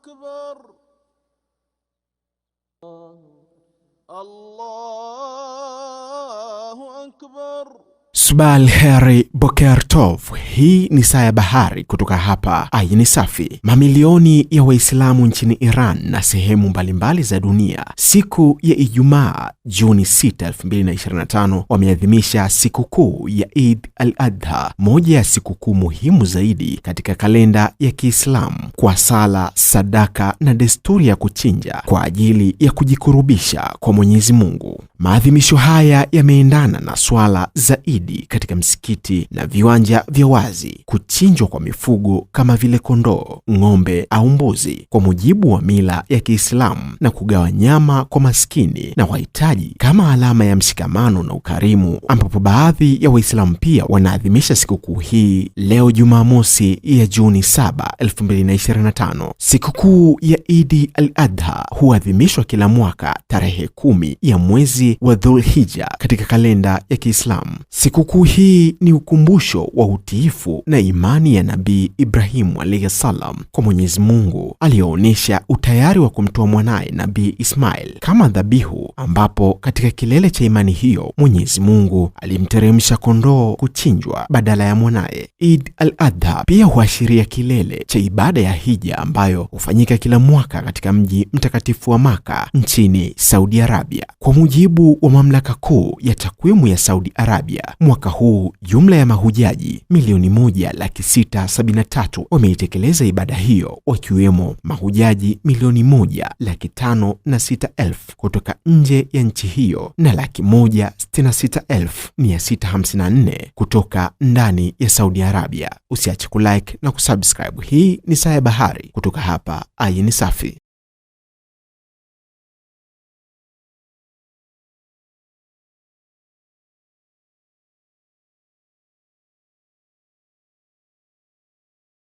أكبر الله أكبر Ismail Heri Bokertov. Hii ni Saa ya Bahari kutoka hapa Ayin Safi. Mamilioni ya Waislamu nchini Iran na sehemu mbalimbali za dunia siku ya Ijumaa Juni 6, 2025 wameadhimisha sikukuu ya Eid al-Adha, moja ya sikukuu muhimu zaidi katika kalenda ya Kiislamu, kwa sala, sadaka na desturi ya kuchinja kwa ajili ya kujikurubisha kwa Mwenyezi Mungu. Maadhimisho haya yameendana na swala zaidi katika msikiti na viwanja vya wazi, kuchinjwa kwa mifugo kama vile kondoo, ng'ombe au mbuzi kwa mujibu wa mila ya Kiislamu na kugawa nyama kwa maskini na wahitaji kama alama ya mshikamano na ukarimu, ambapo baadhi ya Waislamu pia wanaadhimisha sikukuu hii leo Jumamosi ya Juni 7, 2025. Sikukuu ya Idi al-Adha huadhimishwa kila mwaka tarehe kumi ya mwezi wa Dhulhija katika kalenda ya Kiislamu. Sikukuu hii ni ukumbusho wa utiifu na imani ya Nabii Ibrahimu alayhi salam kwa Mwenyezi Mungu, aliyoonyesha utayari wa kumtoa mwanaye Nabii Ismail kama dhabihu, ambapo katika kilele cha imani hiyo Mwenyezi Mungu alimteremsha kondoo kuchinjwa badala ya mwanaye. Eid al-Adha pia huashiria kilele cha ibada ya hija ambayo hufanyika kila mwaka katika mji mtakatifu wa Maka nchini Saudi Arabia. Kwa mujibu mujibu wa mamlaka kuu ya takwimu ya Saudi Arabia, mwaka huu jumla ya mahujaji milioni moja laki sita sabini na tatu wameitekeleza ibada hiyo, wakiwemo mahujaji milioni moja laki tano na sita elfu kutoka nje ya nchi hiyo na laki moja sitini na sita elfu mia sita hamsini na nne kutoka ndani ya Saudi Arabia. Usiache kulike na kusubscribe. Hii ni Saa ya Bahari kutoka hapa Ayin Safi.